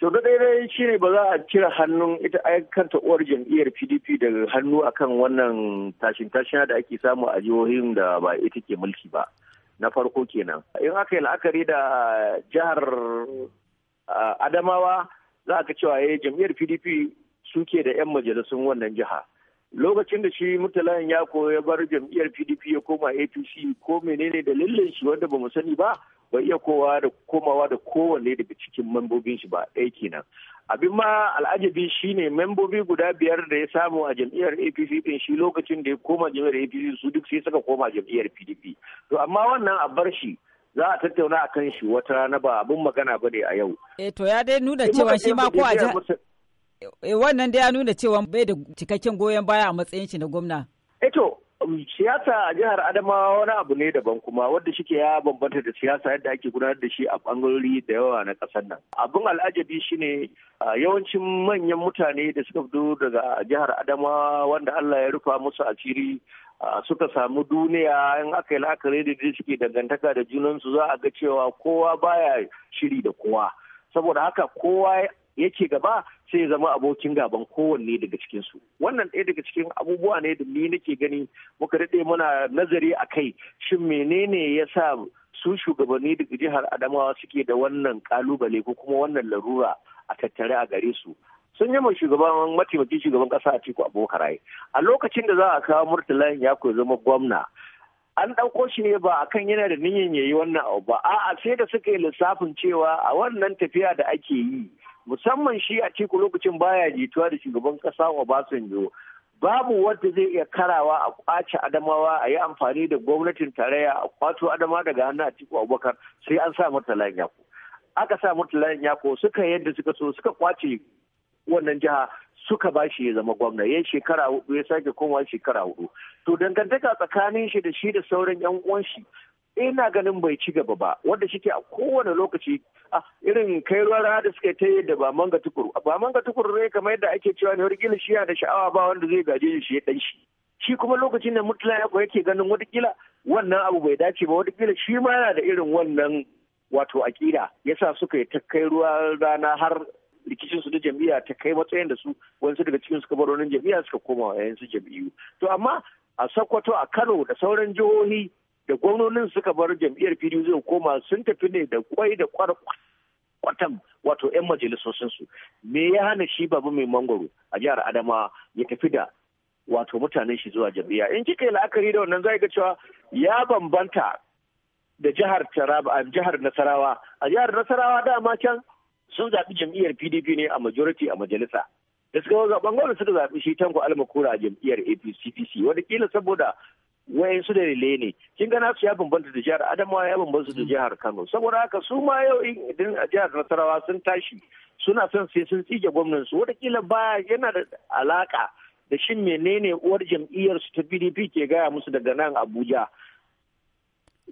to da daidai shi ne ba za a cire hannun ita kanta uwar jam'iyyar pdp daga hannu akan wannan tashin tashina da ake samu a jihohin da ba ita ke mulki ba na farko kenan in aka yi la'akari da jihar ah, adamawa za ka cewa ya eh, jam'iyyar pdp suke da 'yan majalisun wannan jiha lokacin da shi murtalayan ya koya bar jam'iyyar pdp ya koma apc ko menene dalilin shi wanda ba mu sani ba bai iya kowa da komawa da kowanne daga cikin membobin shi ba ɗaya kenan abin ma al'ajabi shine membobi guda biyar da ya samu a jam'iyyar apc din shi lokacin da ya koma jam'iyyar apc su duk sai suka koma jam'iyyar pdp to amma wannan a bar shi za a tattauna akan shi wata rana ba abin magana ba ne a yau eh to ya dai nuna cewa shi ma ko a eh, wannan dai ya nuna cewa bai da cikakken goyon baya a matsayin shi na gwamna eh to Um, siyasa a jihar adamawa wani abu ne daban kuma wadda shike ya bambanta da siyasa yadda ake gudanar da shi a bangarori da yawa na kasar nan abin al'ajabi shine yawancin manyan mutane da suka fito daga jihar adamawa wanda allah ya rufa musu asiri suka samu duniya in aka yi la'akari da suke dangantaka da junansu za a ga cewa kowa baya shiri da kowa saboda haka kowa yake gaba sai ya zama abokin gaban kowanne daga cikinsu wannan ɗaya daga cikin abubuwa ne da ni nake gani muka daɗe muna nazari a kai shin menene ya sa su shugabanni daga jihar adamawa suke da wannan kalubale ko kuma wannan larura a tattare a gare su sun yi shugaban mataimakin shugaban ƙasa a tiku abokan a lokacin da za a kawo murtala ya ko zama gwamna an ɗauko shi ne ba akan yana da niyyar yayi wannan abu ba a'a sai da suka yi lissafin cewa a wannan tafiya da ake yi musamman shi a ciku lokacin baya jituwa da shugaban kasa Obasanjo babu wanda zai iya karawa a kwace adamawa a yi amfani da gwamnatin tarayya a kwato adama daga hannun a tiku abubakar sai an sa mata layin yako aka sa mata layin yako suka yadda suka so suka kwace wannan jiha suka ba shi ya zama gwamna ya shekara hudu ya sake komawa shekara hudu to dangantaka tsakanin shi da shi da sauran yan uwanshi. ina ganin bai ci gaba ba wanda shike a kowane lokaci a ah, irin kai ruwan rana da suka ta yadda ba manga tukuru ba manga tukuru ne kamar yadda ake cewa ne wani shi da sha'awa ba wanda zai gaje shi ya dan shi shi kuma lokacin da mutula ya yake ganin kila wannan abu bai dace ba kila shi ma yana da irin wannan wato akida yasa suka yi ta kai ruwan rana har rikicin su da jami'a ta kai matsayin da su wani daga cikin suka baro nan jami'a suka koma wa yayin su to amma a Sokoto a Kano da sauran jihohi da gwamnonin suka bar jam'iyyar pdp zai koma sun tafi ne da kwai da kwatam wato 'yan majalisosinsu me ya hana shi babu mai mangoro a jihar adama ya tafi da wato mutanen shi zuwa jam'iyya in kika yi la'akari da wannan zai ga cewa ya bambanta da jihar taraba jihar nasarawa a jihar nasarawa dama can sun zaɓi jam'iyyar pdp ne a majority a majalisa da suka zaɓen gwamnati suka zaɓi shi tanko almakura a jam'iyyar apc kila saboda su da rile ne kin ga nasu ya bambanta da jihar adamawa ya bambanta da mm. jihar kano saboda haka su ma yau idan a jihar nasarawa sun tashi suna son sai sun tsige gwamnan su wataƙila ba yana da alaka da shin menene uwar jam'iyyar su ta pdp ke gaya musu daga nan abuja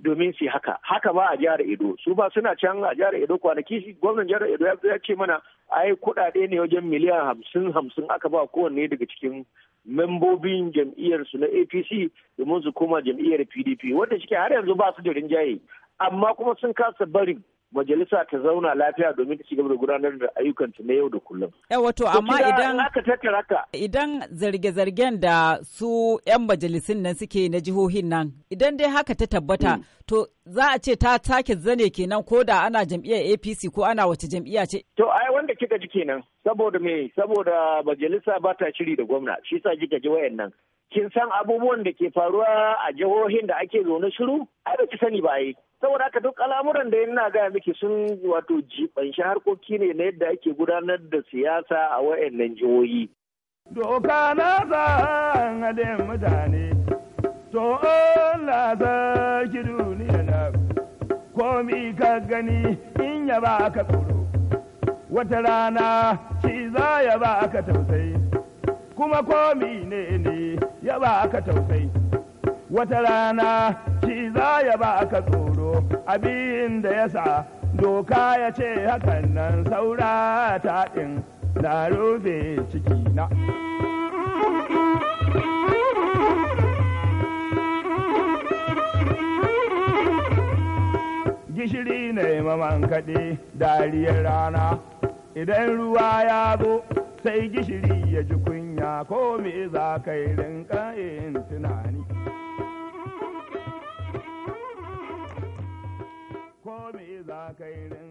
domin su haka haka ba a jihar edo su ba suna can a jihar edo kwanaki gwamnan jihar edo ya ce mana ai kuɗaɗe ne wajen miliyan hamsin hamsin aka ba kowanne daga cikin membobin jam'iyyarsu na apc domin su koma jam'iyyar pdp wanda shi har yanzu ba su da rinjaye amma kuma sun kasa barin majalisa ta zauna lafiya domin ta ci gaba da gudanar da ayyukanta na yau da kullum. Eh, wato amma idan idan zarge-zargen da su 'yan majalisun nan suke na jihohin nan idan dai haka ta tabbata hmm. to za a ce ta take zane kenan ko da ana jam'iyyar APC ko ana wace jam'iyya ce. To a wanda kika ji kenan saboda me saboda majalisa ba ta shiri da gwamna shi sa kika ji wayannan kin san abubuwan da ke faruwa a jihohin da ake zaune shiru ai ba ki sani ba ai saboda haka duk al'amuran da ina gaya miki sun wato jibanshi harkoki ne na yadda ake gudanar da siyasa a wayannan jihohi doka na zan mutane to Allah za ki duniya na komi ka gani in ya ba ka tsoro wata rana shi za ya ba aka tausayi kuma komi ne ne ya ba aka tausayi wata rana shi za ya ba aka tsoro abin da ya sa doka ya ce hakan nan saura ta ɗin na rufe ciki na gishiri ne maman kaɗe dariyar rana idan ruwa ya zo sai gishiri ya ji kunya ko me za ka yi rinka yin tunani. Ko me za ka yi rinka